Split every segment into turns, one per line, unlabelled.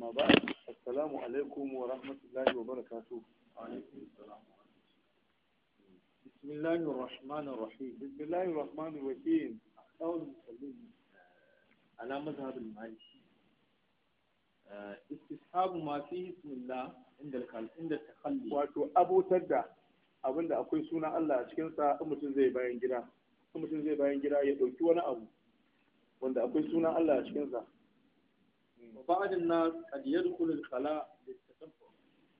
amma ba assalamu alaikum wa rahmatullahi wa barakatuh بسم الله الرحمن الرحيم بسم الله الرحمن الرحيم أول مسلم على مذهب المالكي استصحاب ما فيه اسم الله عند عند التخلي واتو أبو تدع abin da akwai suna Allah a cikinsa in mutum zai bayan gida in mutum zai bayan gida ya ɗauki wani abu wanda akwai suna Allah a cikinsa وبعد الناس قد يدخل الخلاء للتتبع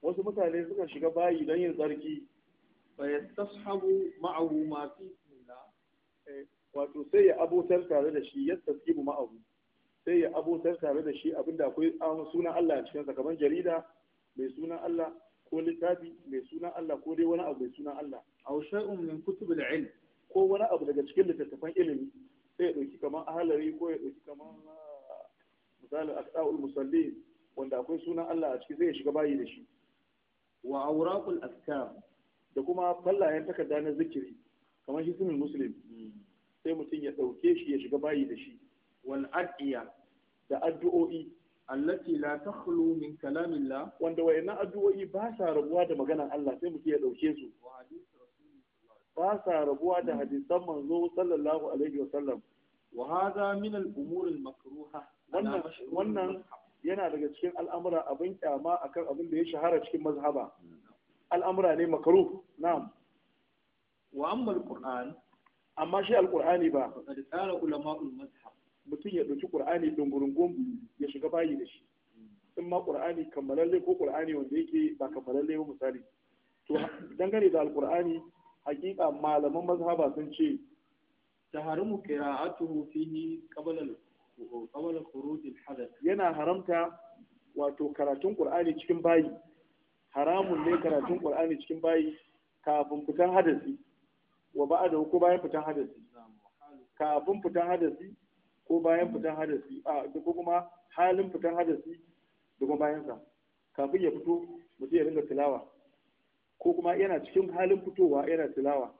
wasu mutane suka shiga bayi don yin tsarki fayastashabu ma'ahu ma fi bismillah eh, wato sai ya abotar tare da shi yastashibu ma'ahu sai ya abotar tare da shi abinda akwai sunan Allah a cikin kamar jarida mai sunan Allah ko littafi mai sunan Allah ko dai wani abu mai sunan Allah aw shay'un min kutub da ilm ko wani abu daga cikin littattafan ilimi sai ya dauki kamar ahalari ko ya dauki kamar misalin aqsa'ul musallin wanda akwai sunan Allah a ciki zai shiga bayi da shi wa awraqul askar. da kuma fallayen takarda na zikiri kamar sunan muslim sai mutum ya dauke shi ya shiga bayi da shi wal adiya da addu'o'i allati la takhlu min kalamillah wanda wayannan addu'o'i ba sa rabuwa da maganar Allah sai mutum ya dauke su ba sa rabuwa da hadisan manzo sallallahu alaihi wasallam وهذا من الأمور المكروهة wannan yana daga cikin al'amura abin kyama akan abin da ya shahara cikin mazhaba al'amura ne makaru na'am wa amma qur'an amma shi alqurani ba da tsara ulama'ul mazhab mutum ya ɗauki qur'ani gombi ya shiga bayi da shi in ma qur'ani kammalalle ko qur'ani wanda yake ba kammalalle ba misali to dangane da alqur'ani hakika malaman mazhaba sun ce تحرم قراءته فيه قبل قبل خروج الحدث ينا yana haramta wato karatun qur'ani cikin bayi haramun ne karatun qur'ani cikin bayi kafin fitan hadasi wa ba'da ko bayan fitan hadasi kafin fitan hadasi ko bayan fitan hadasi a ko kuma halin fitan hadasi da kuma bayan sa kafin ya fito mutum ya dinga tilawa ko kuma yana cikin halin fitowa yana tilawa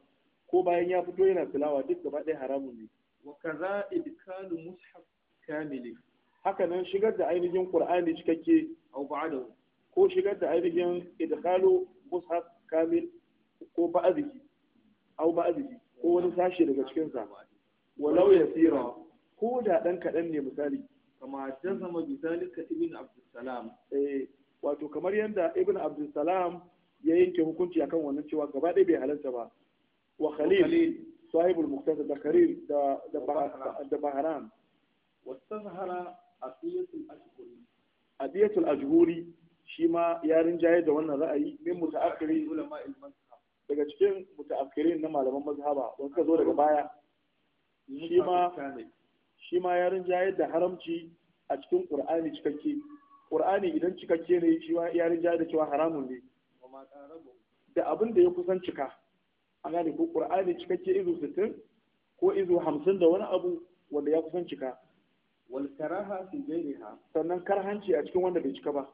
ko bayan ya fito yana tilawa duk gaba ɗaya haramun ne wa kaza idkalu mushaf kamili haka nan shigar da ainihin qur'ani cikakke au ba'dahu ko shigar da ainihin idkalu mushaf kamil ko ba'dhi au ba'dhi ko wani sashi daga cikin sa walau yasira ko da dan kadan ne misali kama jazama bi zalika ibn abdussalam eh wato kamar yanda ibn abdussalam ya yanke hukunci akan wannan cewa gaba ɗaya bai halarta ba wa khalil sahibul muktasar da karir da baharan wastazhara asiyatul ashhuri adiyatul ajhuri shi ma ya rinjaye da wannan ra'ayi min muta'akkiri daga cikin muta'akkirin na malaman mazhaba wanda ka zo daga baya shi ma shi ma ya rinjaye da haramci a cikin qur'ani cikakke qur'ani idan cikakke ne shi ma ya rinjaye da cewa haramun ne da abin da ya kusan cika an gane ko qur'ani cikakke izo 60 ko izo 50 da wani abu wanda ya kusan cika wal karaha fi ghayriha sannan karhanci a cikin wanda bai cika ba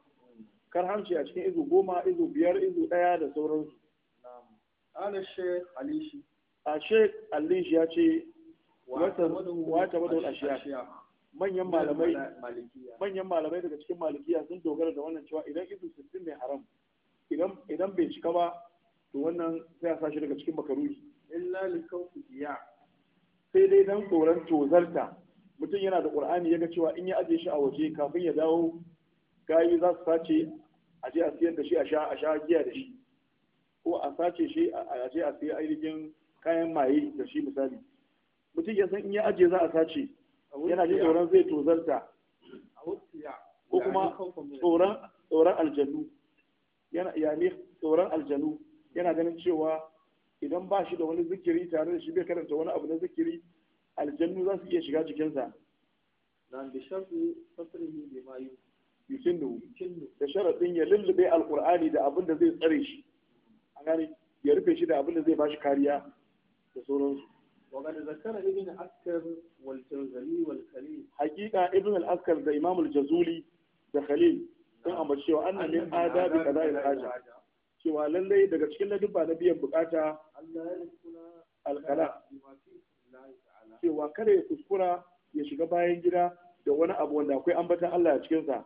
karhanci a cikin izo 10 izo 5 izo 1 da sauransu
na'am ala shaykh alishi
a shaykh alishi ya ce
wata wata wadda ashiya
manyan malamai manyan malamai daga cikin malikiya sun dogara da wannan cewa idan izo 60 mai haram idan bai cika ba to wannan sai a sashi daga cikin makaruhi illa li kawfi ya sai dai dan tsoron tozarta mutum yana da qur'ani yaga cewa in ya aje shi a waje kafin ya dawo gayi za su sace a je a siyar da shi a sha a sha giya da shi ko a sace shi a je a siya ainihin kayan maye da shi misali mutum ya san in ya aje za a sace yana jin tsoron zai tozarta ko kuma tsoron aljanu yana yani tsoron aljanu yana ganin cewa idan ba shi da wani zikiri tare da shi bai karanta wani abu na zikiri aljannu za su iya shiga jikinsa nan da sharfi fasrihi bi ma yukinnu da sharaɗin ya lullube alqur'ani da abin da zai tsare shi a gani ya rufe shi da abin da zai ba shi kariya da sauransu wal Jazuli wal Khalil. والجوزلي Ibn al-Askar da Imam al jazuli da Khalil sun ambaci cewa annan min adabi qada'i al-haja cewa lallai daga cikin ladubba na biyan bukata alkala cewa kada ya kuskura ya shiga bayan gida da wani abu wanda akwai ambatan Allah a cikinsa.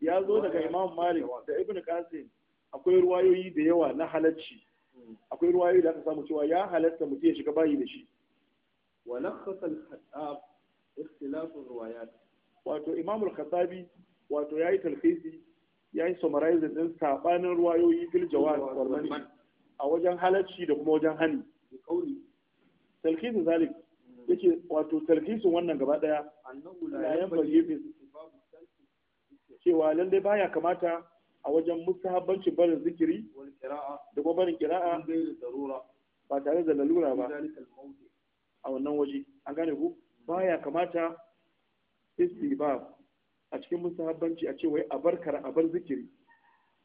Ya zo daga Imam Malik da Ibn Qasim akwai ruwayoyi da yawa na halacci. Akwai ruwayoyi da aka samu cewa ya halatta mutum ya shiga bayi da shi. Wa lakhasa al Wato Imam al-Khattabi wato yi talkhisi ya yi summarizing din sabanin ruwayoyi fil jawaz wal a wajen halacci da kuma wajen hani talkisu zalik hmm. yake wato talkisun wannan gaba daya yayan bayyibin cewa lallai baya kamata a wajen mustahabbanci barin zikiri da kuma barin kira'a ba tare da lalura ba a wannan waje an gane ku hmm. baya kamata istibab a cikin musahabbanci a ce wai a bar kara a bar zikiri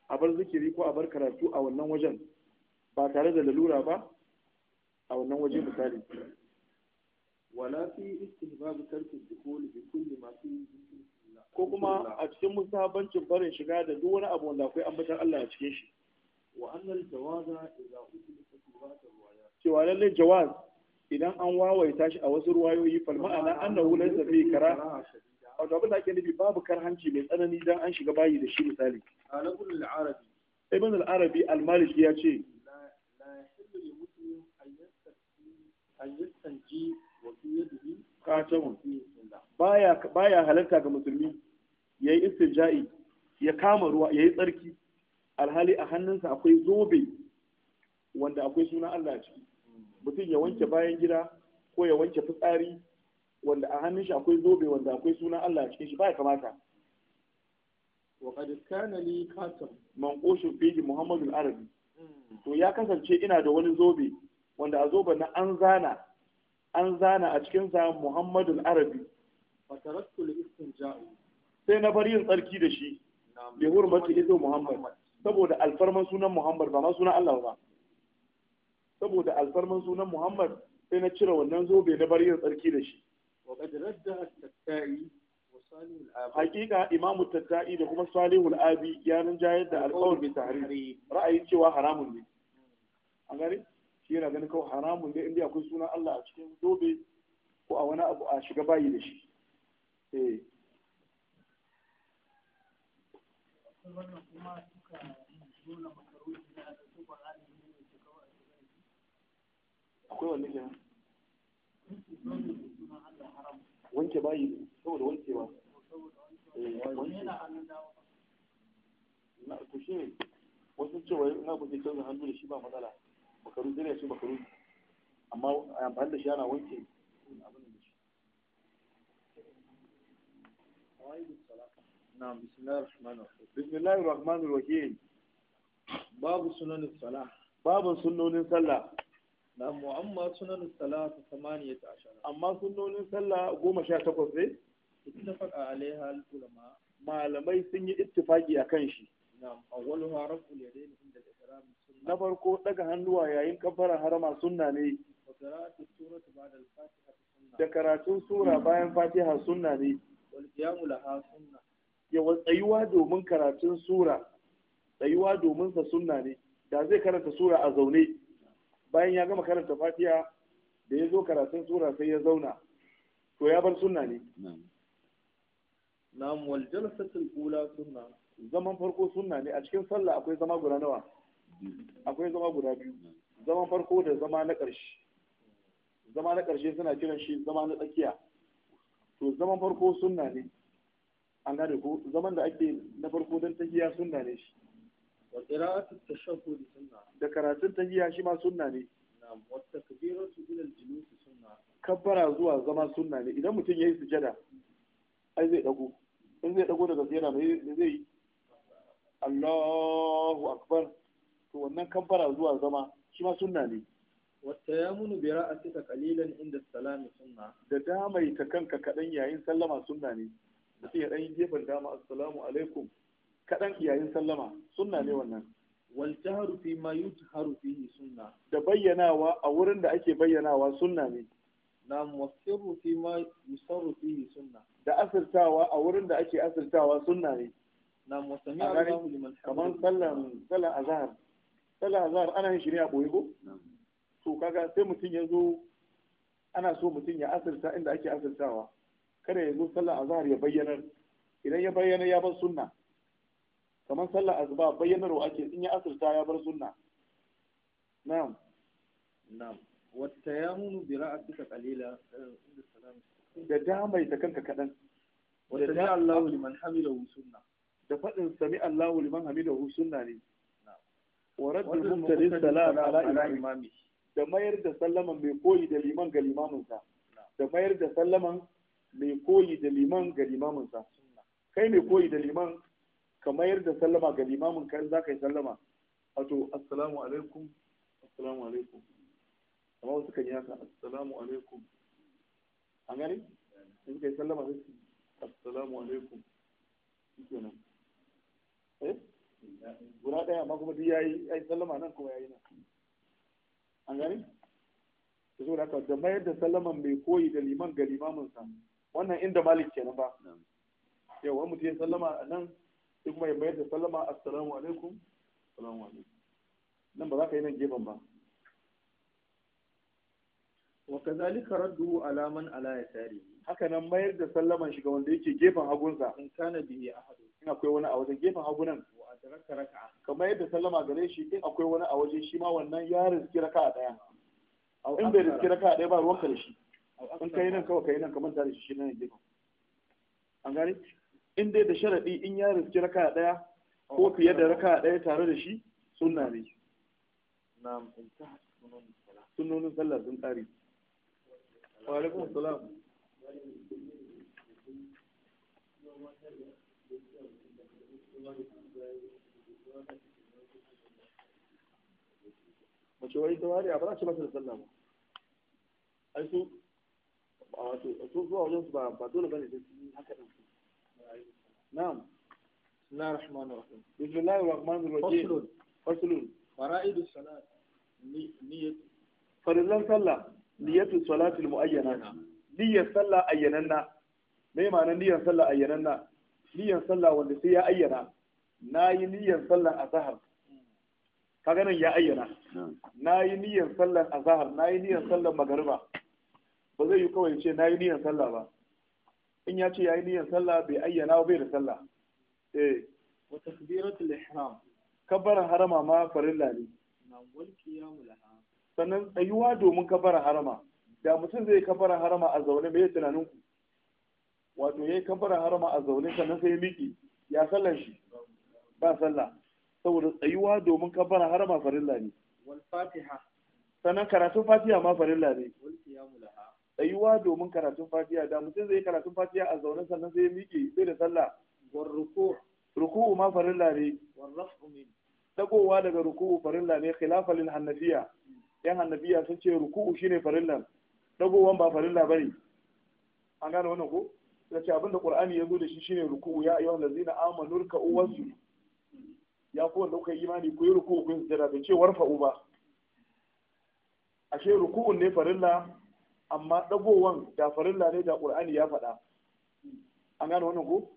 a bar zikiri ko a bar karatu a wannan wajen ba tare da lalura ba a wannan waje misali wala fi istihbab tarki dukul bi kulli ma fi ko kuma a cikin musahabbancin barin shiga da duk wani abu wanda akwai ambatar Allah a cikin shi wa annal jawaza
idza utila tasbihat
riwayat cewa lalle jawaz idan an wawaita shi a wasu ruwayoyi fal ma'ana annahu laysa fi kara wato abin da ake nufi babu karhanci mai tsanani dan an shiga bayi da shi misali ibn al-arabi al-maliki ya ce baya baya halarta ga musulmi yayi istinja'i ya kama ruwa yayi tsarki alhali a hannunsa akwai zobe wanda akwai suna Allah a ciki hmm. mutum ya wanke bayan gida ko ya wanke fitsari wanda a hannun shi akwai zobe wanda akwai sunan Allah a cikin shi ba ya kamata wa qad kana li man qushu fi Muhammad al-Arabi hmm. to ya kasance ina da wani zobe wanda a zoben na an zana an zana a cikin sa Muhammad al-Arabi fa taraktu li istinja'u sai na bari yin tsarki da shi bi hurmati izo Muhammad saboda alfarman sunan Muhammad ba ma sunan Allah ba saboda alfarman sunan Muhammad sai na cire wannan zobe na bari yin tsarki da shi وقد رجح التتائي da kuma حقيقة إمام التتائي لكم صالح الآبي يعني جاهد القول ra'ayin cewa شوى حرام لي أغاري shi yana ganin kawai haramun ne inda akwai suna Allah a cikin zobe ko a wani abu a shiga bayi da shi wanke bayi saboda wankewa
eh,
na to shi wasu cewa na ku zai hannu da shi ba matsala bakaru zai shi bakaru amma a amfani da shi ana wanke abin da shi na bismillahir rahmanir rahim babu sunanin sallah نعم وأما سنن الصلاة ثمانية عشر أما سنن الصلاة قوم اتفق عليها العلماء malamai sun yi ittifaki a kan shi na farko daga hannuwa yayin kafaran harama sunna ne da karatun sura bayan fatiha sunna ne yawa tsayuwa domin karatun sura tsayuwa domin sa sunna ne da zai karanta sura a zaune bayan ya gama karanta fatiha da ya zo karatun sura sai ya zauna to ya bar sunna ne na'am wal jalsatul ula sunna zaman farko sunna ne a cikin sallah akwai zama guda nawa akwai zama guda biyu zaman farko da zama na ƙarshe zama na ƙarshe suna kiran shi zama na tsakiya to zaman farko sunna ne an gane ko zaman da ake na farko don tahiya sunna ne shi wa qira'atu tashahhud sunna da karatun tahiyya shi ma sunna ne
na'am wa takbiratu ila al-julus
sunna zuwa zama sunna ne idan mutum yayi sujada ai zai dago in zai daga sujada mai zai Allahu akbar to wannan kabbara zuwa zama shi ma sunna ne والتيامن برأسك قليلا عند السلام سنة da damaita kanka kaɗan yayin sallama sunna ne sai ya dan gefen dama assalamu alaikum kaɗan iyayen sallama sunna ne wannan wal jahru fi ma yujharu fihi sunna da bayyanawa a wurin da ake bayyanawa sunna ne na musirru fi ma yusarru fihi sunna da asirtawa a wurin da ake asirtawa sunna ne na musami Allahu liman kaman sallan sallan azhar sallan azhar ana yin shirya boye ko to kaga sai mutum ya zo ana so mutum ya asirta inda ake asirtawa kada ya zo sallan azhar ya bayyana idan ya bayyana ya bar sunna kamar sallar azba bayyanarwa ake in ya asirta ya bar sunna na'am na'am wata ya munu bi ra'asika qalila eh, da damai ta kanka kadan wata da Allah liman hamidahu sunna da fadin sami Allah liman hamidahu sunna ne wa raddul mubtadi salam ala imami da mayar da sallaman mai koyi da liman ga limaminsa da mayar da sallaman mai koyi da liman ga limaminsa kai mai koyi da liman ka mayar da sallama ga limamin kan za ka yi sallama wato assalamu alaikum assalamu alaikum amma wasu kan yi haka assalamu alaikum a gani in yi sallama sai su assalamu alaikum nan eh guda ɗaya amma kuma duk yayi ai sallama nan kuma yayi nan an gani da zo haka da mayar da sallaman mai koyi da liman ga limamin sa wannan inda malik kenan ba Yau wani mutum ya sallama nan sai kuma ya mayar da sallama assalamu alaikum assalamu alaikum nan ba za ka yi nan gefen ba wa kazalika raddu ala man ala yasari haka nan mayar da sallaman shi ga wanda yake gefen hagunsa in kana bihi ahadu in akwai wani a wajen gefen hagunan wa adraka raka'a mayar da sallama gare shi in akwai wani a waje shi ma wannan ya riski raka'a daya in bai riski raka'a daya ba ruwan karshe in kai nan kawai kai nan kamar tare shi shi nan gefen an gane in dai da sharaɗi in ya riski raka ɗaya ko oh, fiye da raka ɗaya tare da shi sunna ne sunnonin sallah sun ƙari wa alaikum salam mace wai ta wari a ba za ba da sallah ba ai su a wato a su zuwa wajen su ba dole ba bane su haka din na'am faslun sallah ayyananna sallah ayyananna sallah wanda sai ya ayyana na yi kaga ya ayyana na yi sallar azahar na yi niyan sallar magariba ba zai yi kawai ce na yi niyan sallah ba in ya ce ya yi niyyar sallah bai ayyana bai da sallah eh wa takbiratul ihram kabbara harama ma farilla ne sannan tsayuwa domin kabbara harama da mutum zai kabbara harama a zaune mai tunanin ku wato yayi kabbara harama a zaune sannan sai ya ya sallan shi ba sallah saboda tsayuwa domin kabbara harama farilla ne wal fatiha sannan karatun fatiha ma farilla ne wal qiyamul laha tsayuwa domin karatun fatiya da mutum zai karatun fatiya a zaune sannan zai miƙe sai da sallah war ruku'u ma farilla ne
war raf'u min
dagowa daga ruku'u farilla ne khilafa lil hanafiya yan hanafiya sun ce ruku'u shine farilla dagowan ba farilla bane an gane wannan ko da ce abinda qur'ani ya zo da shi shine ruku'u ya ayyuhal ladzina amanu ruk'u wasu ya ku wanda kuka imani ku yi ruku'u ku yi sujada bai ce warfa'u ba ashe ruku'un ne farilla amma dagowan da farilla ne da qur'ani ya faɗa an gane wannan ko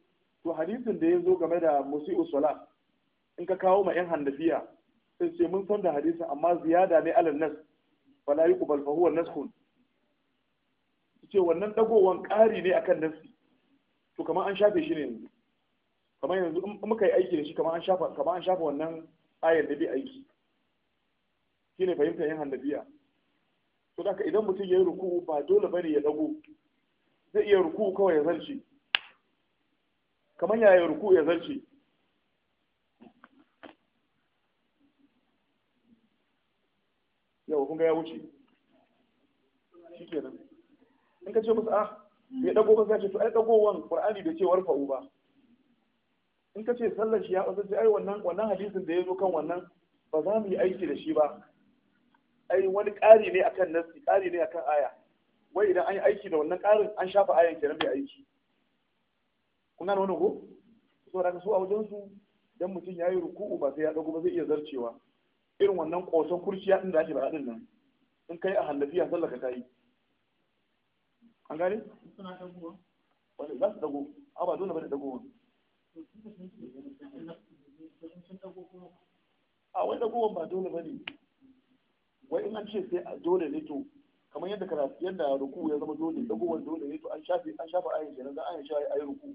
to hadisin da ya zo game da musi'u salat in ka kawo ma yan handafiya sai ce mun san da hadisin amma ziyada ne alal nas fala yuqbal fa huwa naskhun ce wannan dagowan ƙari ne akan nasi to kamar an shafe shi ne yanzu kamar yanzu in muka yi aiki da shi kamar an shafa kamar an shafa wannan ayar da bi aiki shine fahimtar yan handafiya. to da idan mutum ya yi ruku'u ba dole bane ya dago zai iya ruku'u kawai ya zarce kamar yaya ruku'u ya zarce yau kun ga ya wuce shikenan in ka ce musu ah bai dago ba sai ce to ai dagowan qur'ani bai ce fa'u ba in ka ce sallar shi ya ɓata sai ai wannan wannan hadisin da ya zo kan wannan ba za mu yi aiki da shi ba ai wani ƙari ne akan nasi ƙari ne akan aya wai idan an yi aiki da wannan ƙarin an shafa ayan kenan bai aiki kun gane wannan ko da su a wajen su dan mutum ya yi ruku'u ba sai ya dago ba zai iya zarcewa irin wannan ƙoson kurciya din da ake ba din nan in kai a hallafiya sallaka ta yi an gane suna ba. wani za su dago a ba dole ba da dagowa a wai dagowan ba dole ba ne in an ce sai dole ne to kamar yadda karatu yadda ruku ya zama dole dagowar dole ne to an shafe an shafa ayin kenan za a yi shafa ayin ruku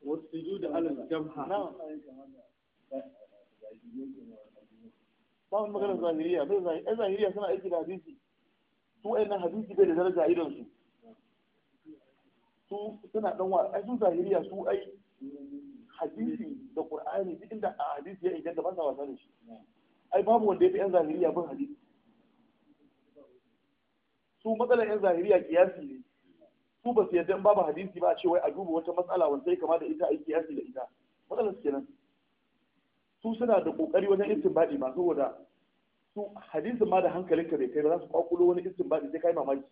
wasu da alal jamha ba wani maganar zahiriya bai zahiriya suna aiki da hadisi su wa'annan hadisi bai da daraja a idonsu su suna dan wa ai su zahiriya su ai hadisi da qur'ani duk inda a hadisi ya da ba sa wasa da shi ai babu wanda ya fi yan zahiriya bin hadisi su matsalar yan zahiriya kiyasi ne su ba su yadda in babu hadisi ba a ce wai a duba wata matsala wanda ya kama da ita ai kiyasi da ita matsalar su kenan su suna da kokari wajen istinbadi ba saboda su hadisin ma da hankalinka bai kai ba za su kwakulo wani istinbadi sai kai mamaki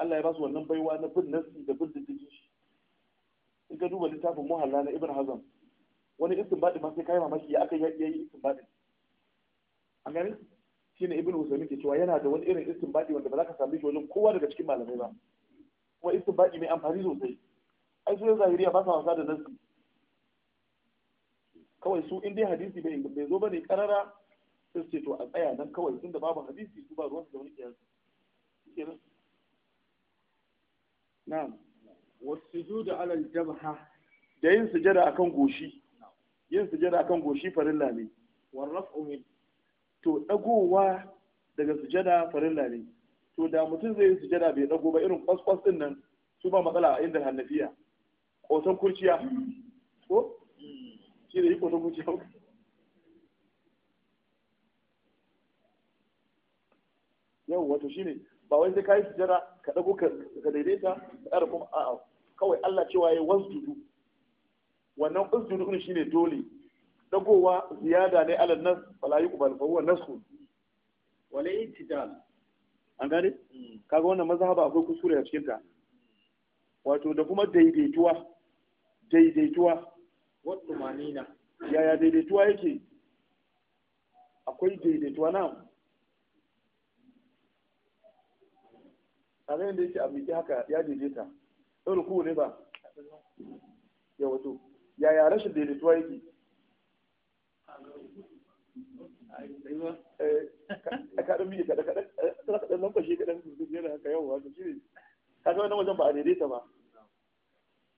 Allah ya ba su wannan baiwa na bin nasi da bin diddigin shi in ka duba littafin muhalla na ibn hazm wani istinbadi ma sai kai mamaki ya aka yayi istinbadin an gani shine ibn usaymin ke cewa yana da wani irin istinbadi wanda ba za ka same shi wajen kowa daga cikin malamai ba kuma istinbadi mai amfani sosai ai su zahiriya ba sa wasa da nasi kawai su in dai hadisi bai zo bane karara sai su ce to a tsaya nan kawai tunda babu hadisi su ba ruwan da wani kiyasi kenan na'am wasujudu ala al-jabha da yin sujada akan goshi yin sujada akan goshi farilla ne warraf'u min to dagowa daga sujada farilla ne to da mutum zai yi sujada bai dago ba irin kwaskwas din nan su ba matsala a inda hannafiya kosan kurciya ko shi da yi kosan kurciya yau wato shine ba wai sai sujada ka dago ka daidaita ka ƙara kuma a'a kawai Allah cewa ya dudu wannan usjudu shi shine dole dagowa ziyada ne alal nas fala ku. fa huwa nasxu wala itidal an gane hmm. kaga wannan mazhaba akwai kusuri a cikin ta wato da kuma daidaituwa daidaituwa wat tumanina yaya daidaituwa yake akwai daidaituwa na kaga da yake a miƙe haka ya daidaita ɗan ruku ne ba ya wato yaya rashin daidaituwa yake eh, kaɗan miƙe kaɗan kaɗan kaɗan lamfashe kaɗan yana haka yawa haka shi ne kaga wannan wajen ba a daidaita ba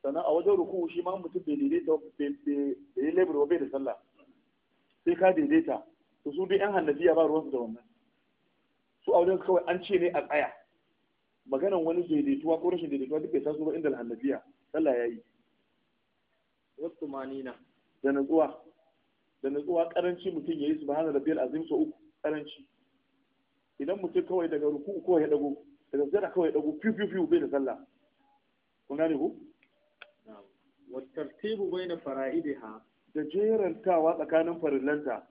sannan a wajen ruku shi ma mutum bai daidaita bai yi lebur ba bai da sallah sai ka daidaita to su dai yan hannabiya ba ruwansu da wannan su a wajen kawai an ce ne a tsaya maganan wani daidaituwa ko rashin daidaituwa duk bai taso ba inda alhannabiya sallah yayi wasu manina da natsuwa da natsuwa karanci mutum yayi subhana rabbiyal azim so uku karanci idan mutum kawai daga ruku ko ya dago daga zara kawai ya dago fiu fiu fiu bai da sallah kun gane ko na'am wa tartibu baina fara'idiha da jerantawa tsakanin farillanta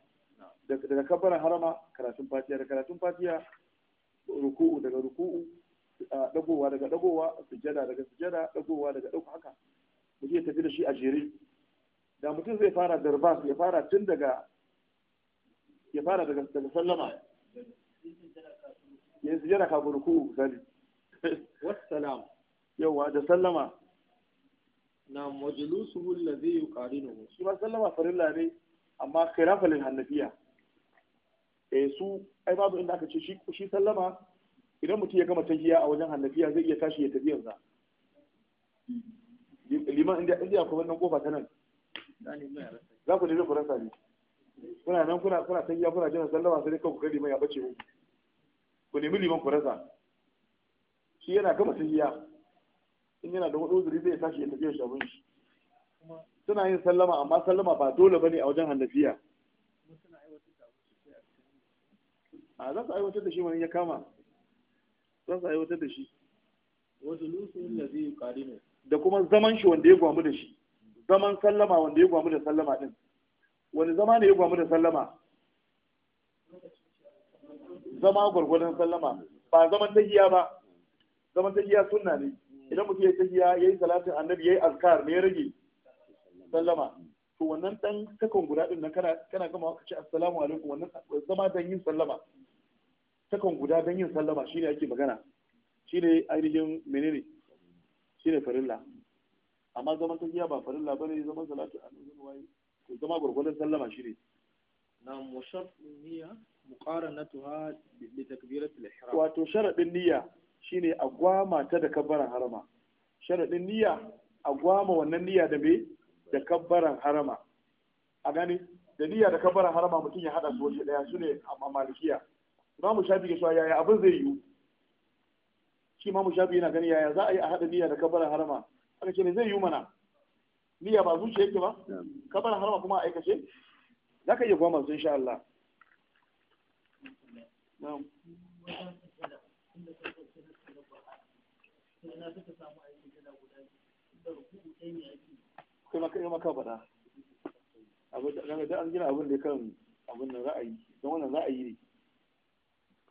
daga kabbaran harama karatun fatiya da karatun fatiya ruku'u daga ruku'u dagowa daga dagowa sujjada daga sujjada dagowa daga dago haka mu je tafi da shi a jere da mutum zai fara darbas ya fara tun daga ya fara daga daga sallama ya sujjada ka burku misali wassalam yawa da sallama na majlisuhu allazi yuqarinuhu shi ma sallama farilla ne amma khilafa lil hanafiya eh su ai babu inda aka ce shi shi sallama idan mutum ya gama tahiya a wajen hannafiya zai iya tashi ya tafi yanzu liman inda inda kuma wannan kofa ta nan za ku nemi ku rasa ne kuna nan kuna kuna tahiya kuna jin sallama sai dai kanku kai liman ya bace mu ku nemi liman ku shi yana gama tahiya in yana da wani uzuri zai tashi ya tafi ya shabun shi suna yin sallama amma sallama ba dole bane a wajen hannafiya a za su aiwatar da shi wani ya kama Zan su aiwatar da shi da kuma zaman shi wanda ya gwamu da shi zaman sallama wanda ya gwamu da sallama din wani zama ne ya gwamu da sallama zama gwargwadon sallama ba zaman tahiya ba zaman tahiya sunna ne idan mutum ya tahiya yayi salatin annabi yayi azkar ne ya rage sallama to wannan dan takan guda din na kana kana gama ka ce assalamu alaikum wannan zama dan yin sallama takan guda don yin sallama shine ake magana shine ainihin menene shine farilla amma zaman tafiya ba farilla bane zaman salatu a nan waye ko zama gurgurdan sallama shine na musharrin niyya muqaranatuha bi takbiratil ihram wato sharadin niyya shine a gwama ta da kabbaran harama sharadin niyya a gwama wannan niyya da me da kabbaran harama a gani da niyya da kabbaran harama mutum ya hada su waje daya sune a malikiya imamu shafi ya cewa yaya abin zai yi shi imamu shafi yana gani yaya za a yi a haɗa niyya da kabarin harama aka ce ne zai yi mana niyya ba zuciya yake ba kabarin harama kuma a aikace za ka iya goma su insha Allah kai maka yi maka faɗa abin da an gina abin da kan abin da za a yi don wannan za a yi ne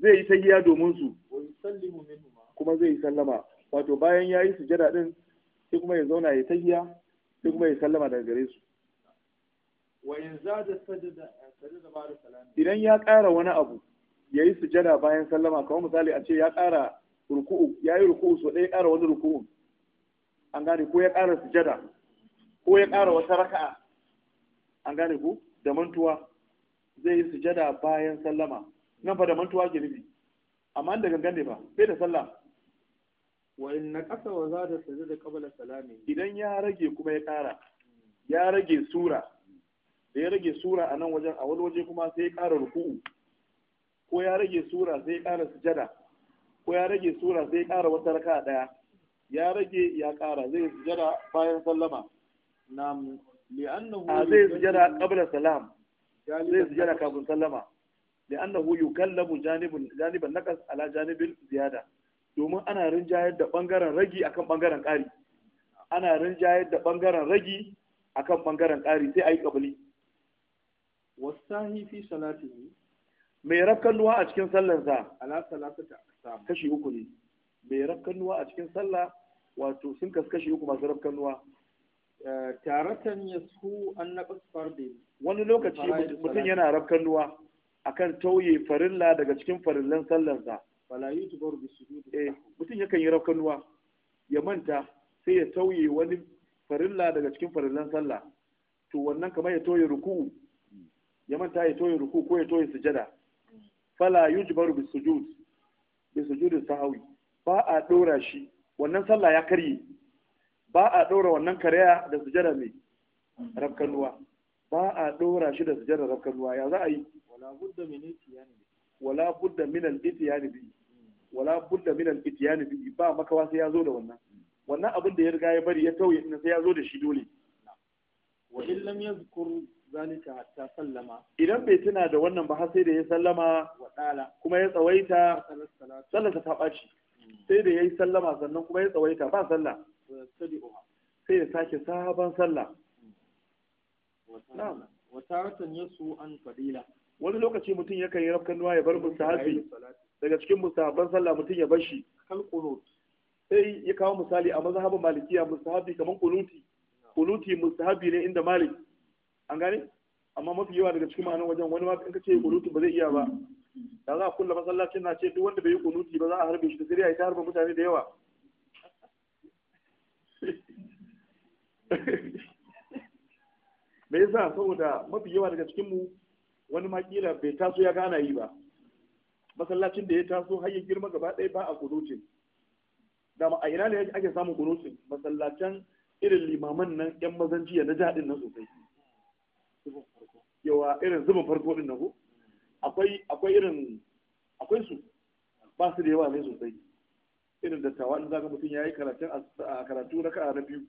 zai yi tahiya domin su kuma zai yi sallama wato bayan ya yi sujada din sai kuma ya zauna ya tahiya sai kuma ya sallama daga gare su idan ya ƙara wani abu ya yi sujada bayan sallama kamar misali a ce ya ƙara ruku'u ya yi ruku'u so ɗaya ƙara wani ruku'u an gane ko ya ƙara sujada ko ya ƙara wata raka'a an gane ku da mantuwa zai yi sujada bayan sallama nan fa da mantuwa ke nufi amma da gangan ne ba sai da sallah wa in na kasa wa za ta sujada qabla salami idan ya rage kuma ya ƙara ya rage sura da ya rage sura a nan wajen a wani waje kuma sai ya ƙara ruku'u ko ya rage sura sai ya ƙara sujada ko ya rage sura sai ya ƙara wata raka ɗaya ya rage ya ƙara zai sujada bayan sallama na li'annahu zai sujada qabla salam zai ziyara kafin sallama li'annahu yukallamu janibun janiban nakas ala janibil ziyada domin ana rinjayar da bangaren ragi akan bangaren ƙari ana rinjayar da bangaren ragi akan bangaren ƙari sai a ayi kabili wasahi fi salatihi mai rakkanuwa a cikin sallarsa ala salatata kashi uku ne mai rakkanuwa a cikin sallah wato sun kaskashi uku masu rakkanuwa Eh, taratan yasku an naqas fardin wani lokaci mutum yana rabkan ruwa akan tauye farilla daga cikin farillan sallarsa fala yutubar bi sujud eh mutum yakan yi rabkan ruwa ya manta sai ya tauye wani farilla daga cikin farillan sallah to wannan kamar ya tauye ruku, ya manta ya tauye ruku ko ya tauye sujada fala yujbaru bi sujud bi sujud sahawi ba a dora shi wannan sallah ya karye ba a ɗora wannan karaya da sujada mai rafkanuwa ba a ɗora shi da sujada rafkanuwa ya za a yi wala budda minan iti ya ni budda min al minan bi wala budda min bi ba makawa sai ya zo da wannan wannan abin da ya riga ya bari ya tauye Ina sai ya zo da shi dole wa in yazkur zalika hatta sallama idan bai tuna da wannan ba har sai da ya sallama kuma ya tsawaita Sallata ta ɓaci sai da ya yi sallama sannan kuma ya tsawaita ba sallah
sai
ya sake sabon sallah wataratan yasu an fadila wani lokaci mutum yakan yi rafkan ya bar mustahabi daga cikin mustahabban sallah mutum ya bar shi kal qunut sai ya kawo misali a mazhabin malikiya kamar kaman qunuti qunuti mustahabi ne inda malik an gane amma mafi yawa daga cikin ma'anar wajen wani ma in ka ce qunuti ba zai iya ba da za a kulla masallacin na ce duk wanda bai yi qunuti ba za a harbe shi da sai ya ta harba mutane da yawa me yasa saboda mafi yawa daga cikin mu wani makila bai taso ya gana yi ba masallacin da ya taso har ya girma gaba ɗaya ba a kudutin da ma a ina ne ake samun kudutin masallacin irin limaman nan yan mazan jiya na jaɗin nan sosai yawa irin zuba farko din nan ko akwai akwai irin akwai su ba su da yawa ne sosai irin dattawa in zaka mutum yayi karatun a karatu na ka'a na biyu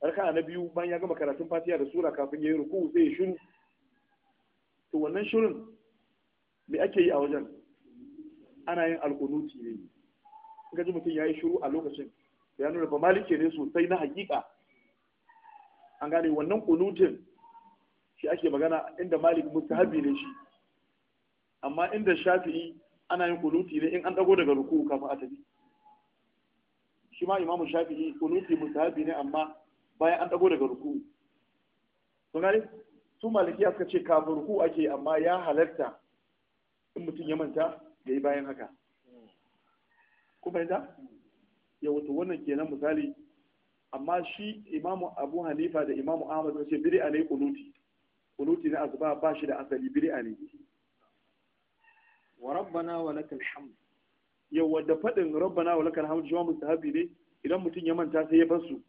raka'a na biyu bayan ya gama karatun fatiha da sura kafin ya yi ruku sai ya shiru to wannan shirin me ake yi a wajen ana yin alkunuti ne kaga ji mutum ya yi shiru a lokacin ya nuna ba malike ne sosai na hakika an gane wannan kunutin shi ake magana inda malik habi ne shi amma inda shafi'i ana yin kunuti ne in an dago daga ruku kafin a tafi shi ma imamu shafi'i kunuti habi ne amma bayan an dago daga ruku sun gane su malikiya suka ce kafin ruku ake amma ya halarta in mutum ya manta ya yi bayan haka kun fahimta ya wato wannan kenan misali amma shi imamu abu hanifa da imamu ahmad sun ce bid'a ne kunuti kunuti na azuba ba shi da asali bid'a ne wa rabbana wa lakal hamd yawa da fadin rabbana wa lakal hamd shi mustahabi ne idan mutum ya manta sai ya bar su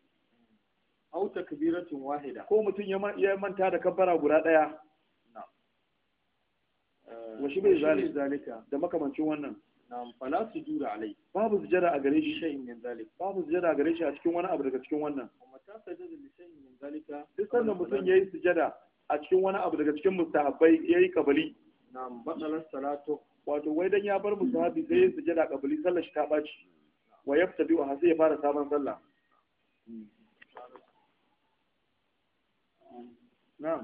aw takbiratin wahida ko mutum ya manta da kabbara guda daya eh, wa shi bai zalika da makamancin wannan na'am fala sujuda alai babu sujada a gare shi shay'in min zalik babu sujada a gare shi a cikin wani abu daga cikin wannan
kuma ta sajada li shay'in
min zalika duk sanda mutum yayi sujada a cikin wani abu daga cikin mustahabbai yayi kabali na'am batalar salatu wato wai dan ya bar mustahabi sai yayi sujada kabali sallar shi ta baci wa yaftabi wa sai ya fara sabon sallah hmm. na'am eh.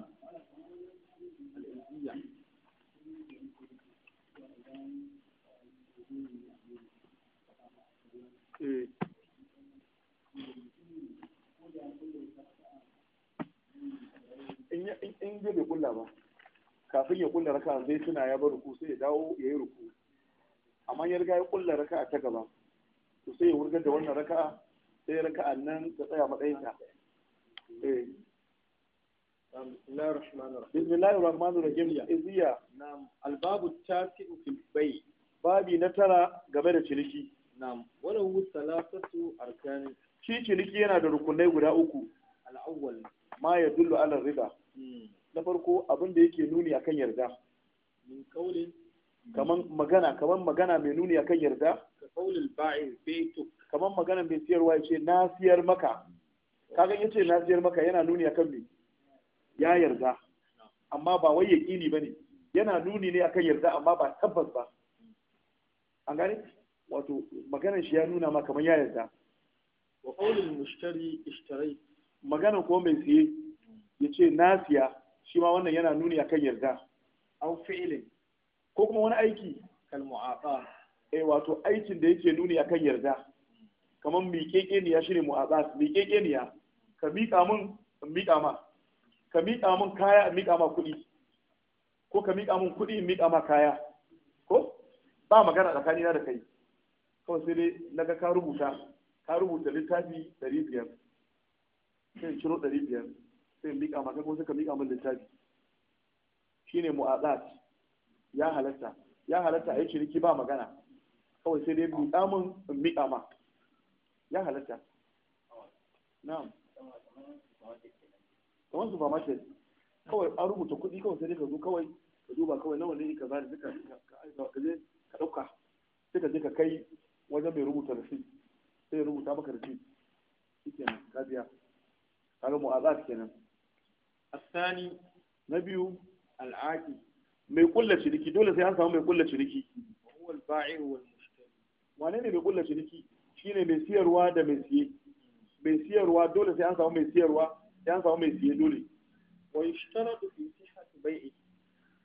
in bai kulla ba kafin ya kulla raka zai suna ya bar ruku sai ya dawo ya yi ruku amma ya riga ya kulla raka ta gaba to sai ya wurgar da wannan raka sai raka nan ta tsaya matsayinta eh. بسم الله الرحمن الرحيم نعم الباب التاسع في babi na tara game da ciniki na'am walahu shi ciniki yana da rukunai guda uku al-awwal ma yadullu ala hmm. na farko nuni akan yarda kaman magana mai nuni akan yarda kaman magana mai siyarwa yace na siyar kaga yace na maka yana nuni akan me ya yarda amma ba wai yaƙini ba ne yana nuni ne akan yarda amma ba tabbas ba an gane wato maganar shi ya nuna ma kamar ya yarda wa qaulul mushtari ishtarai magana ko mai siye yace na siya shi ma wannan yana nuni akan yarda aw fi'ilin ko kuma wani aiki kal mu'aqa eh wato aikin da yake nuni akan yarda kamar miƙeƙeniya shine mu'aqa miƙeƙeniya ka miƙa mun in miƙa ma ka miƙa min kaya in miƙa ma kuɗi ko ka miƙa min kuɗi in miƙa ma kaya ko ba magana tsakanina da kai kawai sai dai na ga ka rubuta ka rubuta littafi ɗari biyar sai in ciro ɗari biyar sai in miƙa ma kai ko sai ka miƙa min littafi shine mu'azat ya halatta ya halatta a yi ciniki ba magana kawai sai dai miƙa min in miƙa ma ya halatta na'am kamar supermarket kawai an rubuta kuɗi kawai sai ka zo kawai ka duba kawai nawa ne ka zari duka ka je ka ɗauka sai ka je ka kai wajen mai rubuta rafi sai ya rubuta maka rafi shi kenan ka biya kaga mu'azat kenan asani na biyu al'aki mai kulla ciniki dole sai an samu mai kulla ciniki wane ne mai kulla ciniki shine mai siyarwa da mai siye mai siyarwa dole sai an samu mai siyarwa ya samu mai siye dole wa yushtaratu fi sihhati bai'i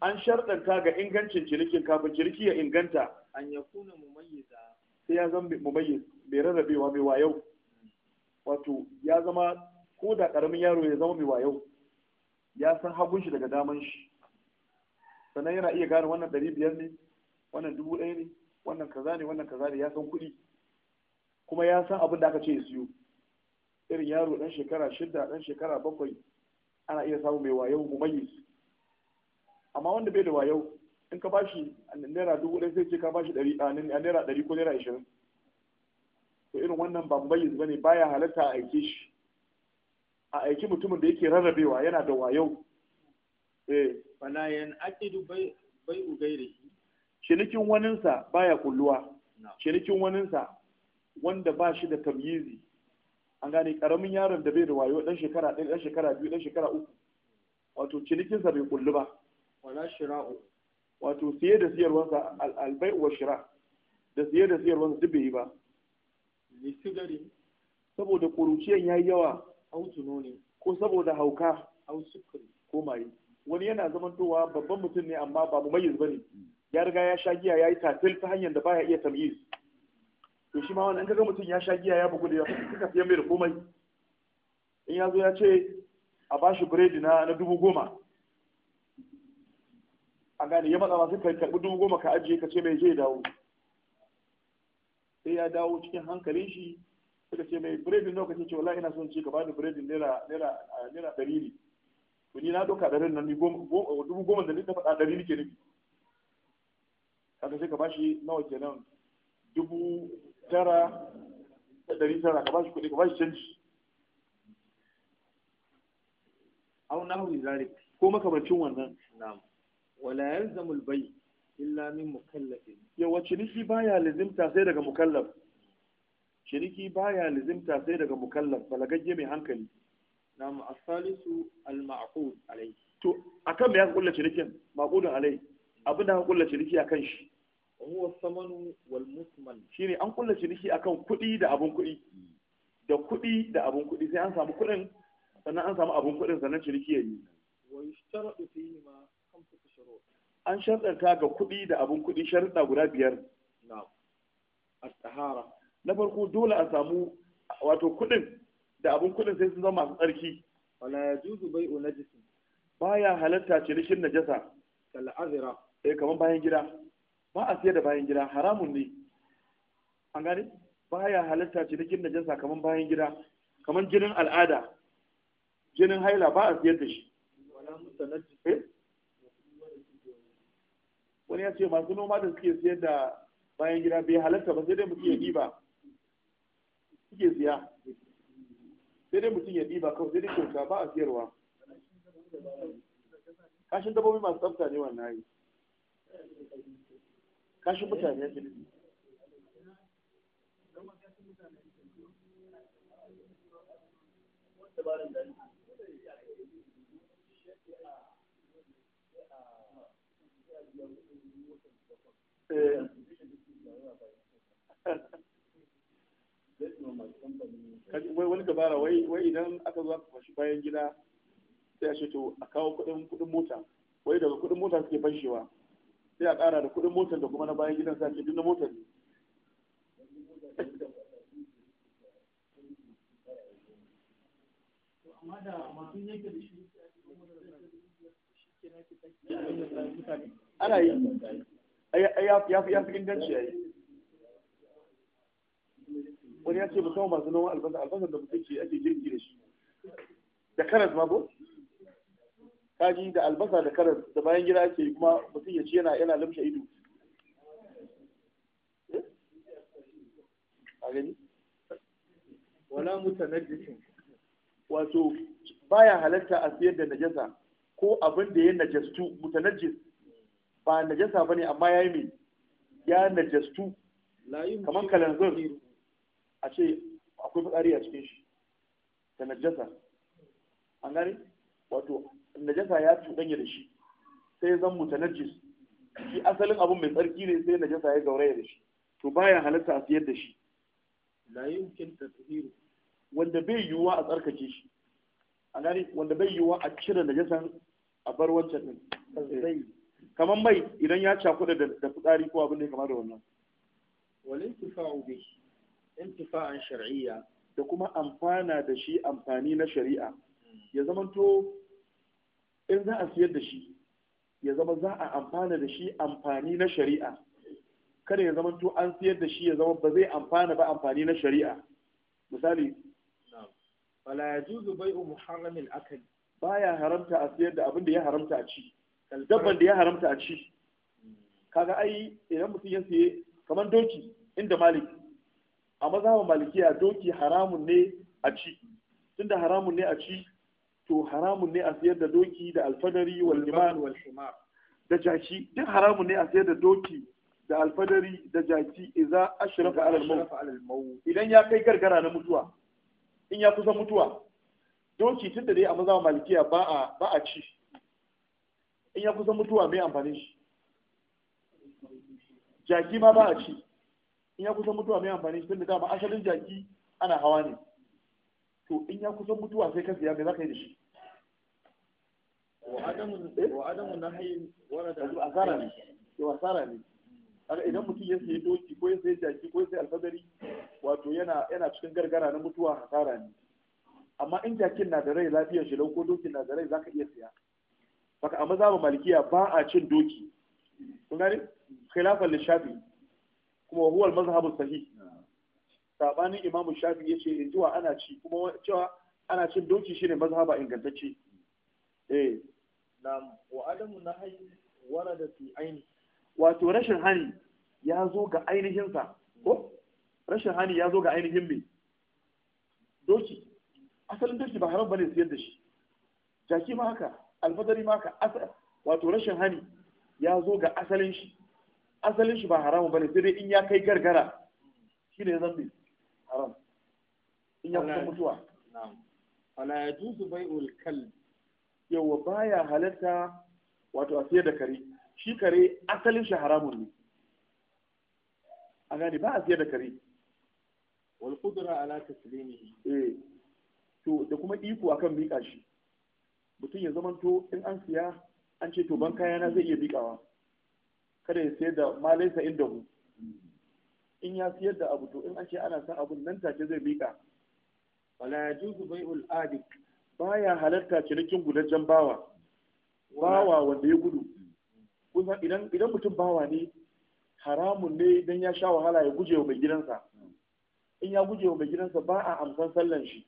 an sharɗanta ga ingancin cinikin kafin ciriki ya inganta an yakuna mumayyiza sai ya zama mumayyiz mai rarrabewa mai wayau wato ya zama ko da ƙaramin yaro ya zama mai wayau ya san hagun shi daga daman shi sannan yana iya gane wannan ɗari biyar ne wannan dubu ɗaya ne wannan kaza ne wannan kaza ne ya san kuɗi kuma ya san abin da aka ce ya siyo irin yaro ɗan shekara shida ɗan shekara bakwai ana iya samu mai wayau su. amma wanda bai da wayo, in ka bashi naira dubu ɗaya sai ce ka bashi ɗari a naira ɗari ko naira ashirin to irin wannan ba ne bane baya halatta a aike shi a aiki mutumin da yake rarrabewa yana da wayo. eh fala yan aqidu bai bai shi cinikin waninsa baya kulluwa cinikin waninsa wanda ba shi da tamyizi an gane karamin yaron da bai da wayo dan shekara ɗaya dan shekara biyu dan shekara uku wato cinikinsa bai kullu ba wala shira'u wato siye da siyarwarsa albai wa shira da siye da siyarwarsa duk bai yi ba gari? saboda kuruciyan yayi yawa au ne. ko saboda hauka au sukari ko mai wani yana zamantowa babban mutum ne amma ba mu mayyiz bane ya riga ya sha giya yayi tatil ta hanyar da baya iya tamyiz to shi ma wannan kaga mutum ya sha giya ya bugu da ya kaka fiye mai da komai in ya zo ya ce a bashi biredi na na dubu goma a gane ya matsa masu kai karɓi dubu goma ka ajiye ka ce mai zai dawo sai ya dawo cikin hankalin shi suka ce mai biredi nawa kace ce wallahi ina son ci ka bani biredi naira naira naira ɗari ne to ni na ɗauka ɗarin nan dubu goma da ni ta faɗa ɗari ke nufi kaga sai ka bashi nawa kenan dubu tara da ɗari tara ka ba shi kuɗi ka ba shi canji au nahwi zalik ko makamancin wannan na'am wala yalzamu al-bay illa min mukallaf yawa ciniki baya lazimta sai daga mukallaf ciniki baya lazimta sai daga mukallaf balagagge mai hankali na'am as-salisu al-ma'qud alayhi to akan me ya kulla cinikin ma'qudun alayhi abinda ka kulla ciniki akan shi هو الثمن wal musman shine an kulla ciniki اكن kuɗi da abun kuɗi da kuɗi da abun kuɗi sai an samu kuɗin sannan an samu abun kuɗin sannan ciniki yayi wa an sharɗanta ga kuɗi da abun kuɗi sharuɗa guda biyar na farko dole a samu wato kuɗin da abun kuɗin sai sun zama masu tsarki wala na bai'u baya halatta cinikin najasa eh kamar bayan gida ba a siyar da bayan gida haramun ne an gane baya halatta cinikin jinsa kamar bayan gida kamar jinin al'ada jinin haila ba a siyar da shi eh? wani ya ce masu noma da suke siyar da bayan gida bai halitta ba sai dai mutum ya ba, suke siya sai dai mutum ya ba kawai sai dai kyauta ba a siyarwa kashin dabbobi masu tsafta ne wannan yi kashi mutane
eh. wani dabara wai
idan aka zo aka fashi bayan gida sai a ce to a kawo kudin mota wai daga kudin mota suke fashewa sai a ƙara da kuɗin motar da kuma na bayan gidan sace duk na motar ne ana yi ya fi inganci ya yi wani ya ce musamman masu noman albasa albasa da mutum ke ake girki da shi da karas ma ko kaji da albasa da karas da bayan gida ake kuma mutum ya ci yana yana lamshe ido eh? a gani wala mutanajjisin wato baya halatta a siyar da najasa ko abin da ya najastu mutanajjis ba najasa bane amma ya yi mai ya najastu kamar kalanzir a ce akwai fitsari a cikin shi da najasa an gane wato najasa ya cuɗanya da shi sai zan mu najis shi asalin abun mai tsarki ne sai najasa ya gauraya da shi to baya halatta a siyar da shi la yumkin tatheeru wanda bai yiwuwa a tsarkake shi a gani wanda bai yiwuwa a cire najasan a bar wancan din eh, kamar mai idan ya cakuda da fitsari ko abin da ya kama da wannan wal intifa'u bi intifa'an shar'iyya da kuma amfana da shi amfani na shari'a hmm. ya zamanto in za a siyar da shi ya zama za a amfana da shi amfani na shari'a kada ya zama to an siyar da shi ya zama ba zai amfana ba amfani na shari'a misali wala ya fala yajuzu aka yi. akali ya haramta a siyar da abin da ya haramta a ci dabban da ya haramta a ci hmm. kaga ai idan mutum ya siye kamar doki inda malik a mazhaban malikiya doki haramun ne a ci tunda haramun ne a ci to haramun ne a sayar da doki da alfadari wal liman wal himar da jaki duk haramun ne a sayar da doki da alfadari da jaki idan ashraka ala maut idan ya kai gargara na mutuwa in ya kusa mutuwa doki tunda dai a maza malikiya ba a ba a ci in ya kusa mutuwa mai amfani shi jaki ma ba a ci in ya kusa mutuwa mai amfani shi tunda dama asalin jaki ana hawa ne to in ya kusa mutuwa sai ka siya me za ka yi da shi وعدم النهي ورد أثارا ne wasara ne kaga idan mutum ya sayi doki ko ya sayi jaki ko ya sayi alfadari wato yana cikin gargara na mutuwa hasara ne amma in jakin na da rai lafiyar shi lau ko dokin na da rai zaka iya siya baka a mu malikiya ba a cin doki kun gane khilafan lishafi kuma huwa mazhabu sahih sabanin imamu shafi ya ce in jiwa ana ci kuma cewa ana cin doki shine mazhaba ingantacce eh na wara da aini. wato rashin hani ya zo ga ainihinsa ko rashin hani ya zo ga ainihin mai doki asalin doki ba haram ba ne siyar da shi jaki ma haka alfadari ma haka wato rashin hani ya zo ga asalin shi asalin shi ba haram bane sai dai in ya kai gargara shi ne zambi haram in ya kusa mutuwa wala yajuzu bai'ul kalb yawa baya halatta wato a siyar da kare shi kare asalin shi haramun ne a gani ba a siyar da kare wal kudura ala taslimihi eh to da kuma iko akan mika shi mutum ya zama to in an siya an ce to ban kayana zai iya bikawa kada ya sayar da malaisa inda mu in ya siyar da abu to in an ce ana san abun nan take zai bika wala yajuzu bai'ul adik baya halatta cinikin gudajen bawa bawa wanda ya gudu kusan idan idan mutum bawa ne haramun ne idan ya sha wahala ya guje wa mai gidansa in ya guje wa mai gidansa ba a amsan sallan shi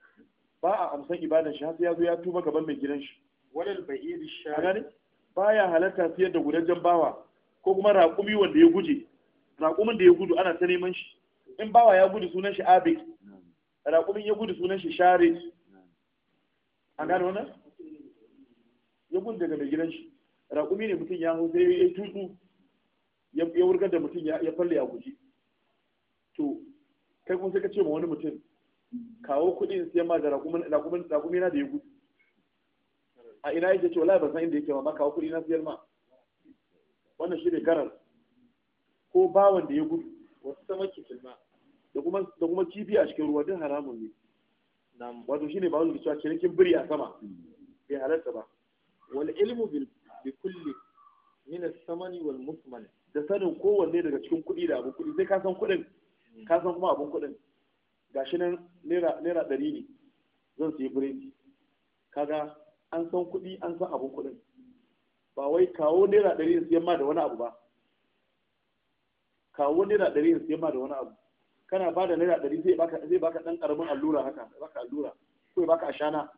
ba a amsan ibadan shi har sai ya zo ya tuba gaban mai gidan shi walal ba'ir shari baya halatta siyar da gudajen bawa ko kuma raƙumi wanda ya guje raƙumin da ya gudu ana ta neman shi in bawa ya gudu sunan shi abik raƙumin ya gudu sunan shi share an gano wannan ya gudu daga mai gidan shi raƙumi ne mutum ya hau sai ya yi ya wurgar da mutum ya falle a guji to kai kuma sai ka ce ma wani mutum kawo kuɗin siyan ma da raƙumi na da ya gudu a ina yake ce wala ban san inda yake ba ma kawo kuɗi na sayar ma wannan shi ne garar ko bawan da ya gudu wasu sama kifin ma da kuma kifi a cikin ruwa duk haramun ne wato shine ba wani cewa cinikin biri a sama bai halarta ba wal ilmu bi kulli min as-samani wal musman da sanin kowanne daga cikin kuɗi da abin kuɗi sai ka san kuɗin ka san kuma abun kuɗin gashi nan naira naira ɗari ne zan sayi biredi kaga an san kuɗi an san abun kuɗin ba wai kawo naira ɗari in siyan ma da wani abu ba kawo naira ɗari in siyan ma da wani abu kana ba da naira ɗari zai baka ɗan ƙaramin allura haka baka allura ko baka ashana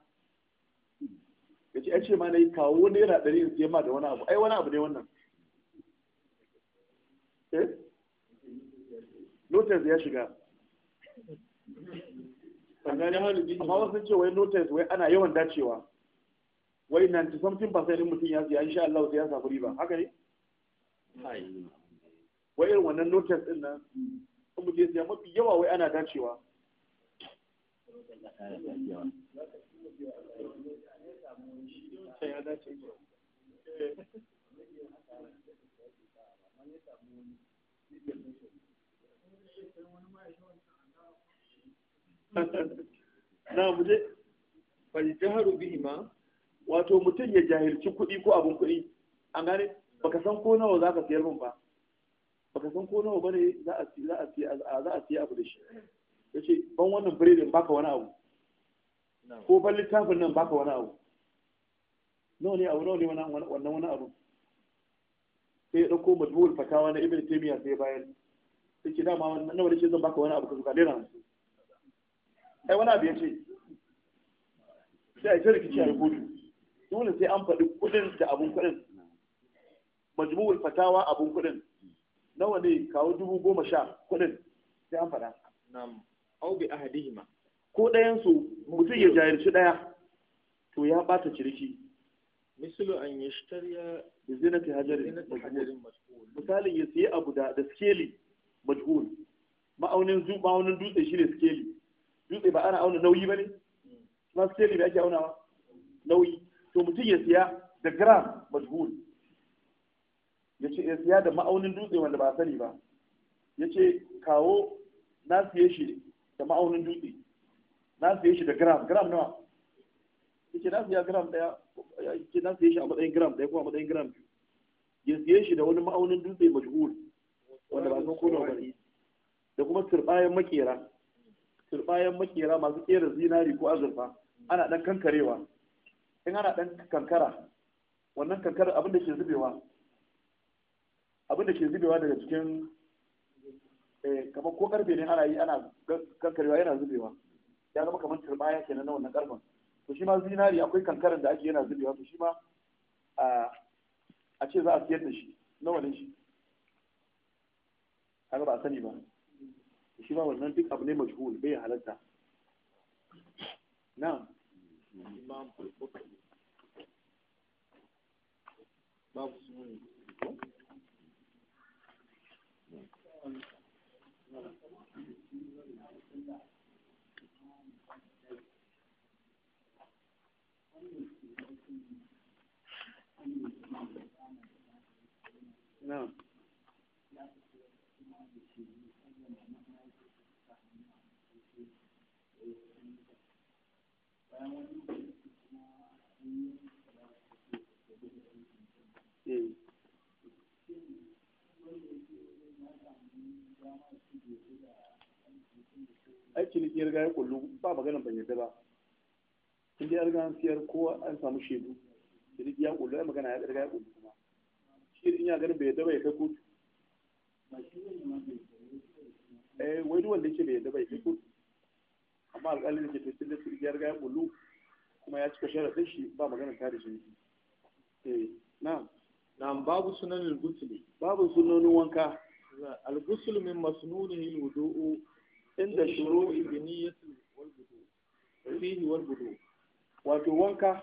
ya ce ce ma na yi kawo naira ɗari in siya ma da wani abu ai wani abu ne wannan eh? notes ya shiga amma wasu ce wai notes wai ana yawan dacewa wai nan ci samfin din mutum ya siya insha Allah sai ya samu riba haka ne wai irin wannan notes din nan in mutum ya mafi yawa wai ana dacewa na muje ma. wato mutum ya jahilci kuɗi ko abin kuɗi an gane baka san ko nawa zaka sayar mun ba baka san ko nawa bane za a za a siya za a siya abu da shi yace ban wannan biredin baka wani abu ko ban littafin nan baka wani abu nawa ne abu nawa ne wannan wani abu sai ya dauko majmu'ul fatawa na ibn taymiya sai bayan sai dama wannan nawa ce zan baka wani abu ka zuka lera ai wani abu ya ce sai a jira rikici a rubutu dole sai an faɗi kuɗin da abun kuɗin majmu'ul fatawa abun kuɗin nawa ne kawo dubu goma sha kudin? sai an faɗa na'am au bi ahadihima ko ɗayan su mutum ya jayarci ɗaya to ya ɓata ciriki. misalu an yi bi zinati hajarin majhul Misali ya siya abu da da skeli majhul ma'aunin zu ma'aunin dutse shine skeli dutse ba ana auna nauyi ba ne? ma hmm. skeli da ake aunawa nauyi to mutum ya siya da gram majhul ya ce ya eh, siya da ma'aunin dutse wanda ba sani ba ya ce kawo na siye shi da ma'aunin dutse na siye shi da gram gram nawa ya ce na siya gram daya ya ce na siye shi a matsayin gram daya ko a matsayin gram biyu ya siye shi da wani ma'aunin dutse majhul wanda ba san ko nawa da kuma turbayan makera turbayan makera masu kera zinari ko azurfa ana dan kankarewa in ana dan kankara wannan kankara abin da ke zubewa abin da ke zubewa daga cikin eh, kamar ko karfe ne ana yi ana kankarewa yana zubewa ya zama kamar turbaya kenan na wannan karfen to shi ma zinari akwai kankaran da ake yana zubewa to shi ma a ce za a siyar da shi nawa ne shi kaga ba a sani ba shi ma wannan duk abu ne majhul bai halatta na babu sunni Mm. aiki ne ya riga ya kullu ba magana ban yadda ba in dai riga an siyar ko an samu shaidu da ya kullu ya magana ya riga ya kullu kuma shi in ya ganin bai yadda ba ya kai kotu eh wai duk wanda yake bai yadda ba ya kai kotu amma alƙalin da ke tafi da sirri ya riga ya kullu kuma ya cika sharaɗin shi ba magana ta da shi eh na na babu sunanin al babu sunanin wanka al-ghusl min masnunihi al-wudu'u inda shuru'i ibini ya wal wudu fihi wal wudu wato wanka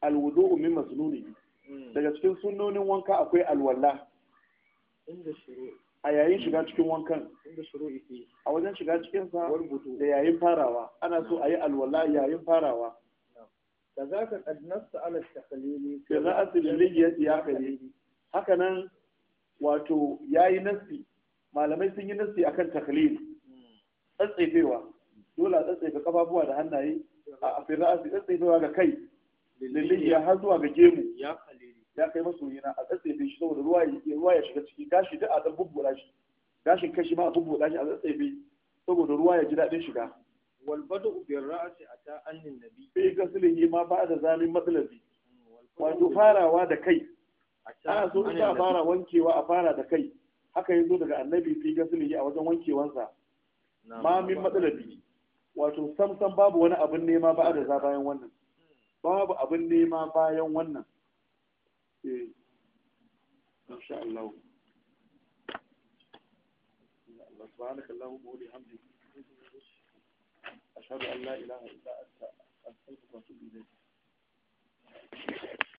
al wudu min masnuni hmm. daga cikin sunnonin wanka akwai alwala inda shuru'i a yayin shiga cikin wankan a wajen shiga cikin sa da yayin farawa ana so a yi alwala yayin farawa da za ka ala takhlili da za a tsirilin ya tsiya haka nan wato ya yi malamai sun yi nasi akan takhlili tsatsebewa dole a tsatsebe kafafuwa da hannaye a fir'asi tsatsebewa ga kai lillin ya har zuwa ga gemu ya kai masoyina a tsatsebe shi saboda ruwa ya ruwa ya shiga ciki gashi duk a dan bubbuɗa shi gashin kashi ma a bubbuɗa shi a tsatsebe saboda ruwa ya ji daɗin shiga wal badu bi ra'si ata annin nabi sai gasilihi ma ba da zamin matsalabi wato farawa da kai ana so in a fara wankewa a fara da kai haka yanzu daga annabi fi gasilihi a wajen wankewansa ma min matsalabi wato samsam babu wani abin nema ba da za bayan wannan babu abin nema bayan wannan eh insha Allah
hamdi ashhadu an la ilaha illa anta astaghfiruka wa atubu ilayk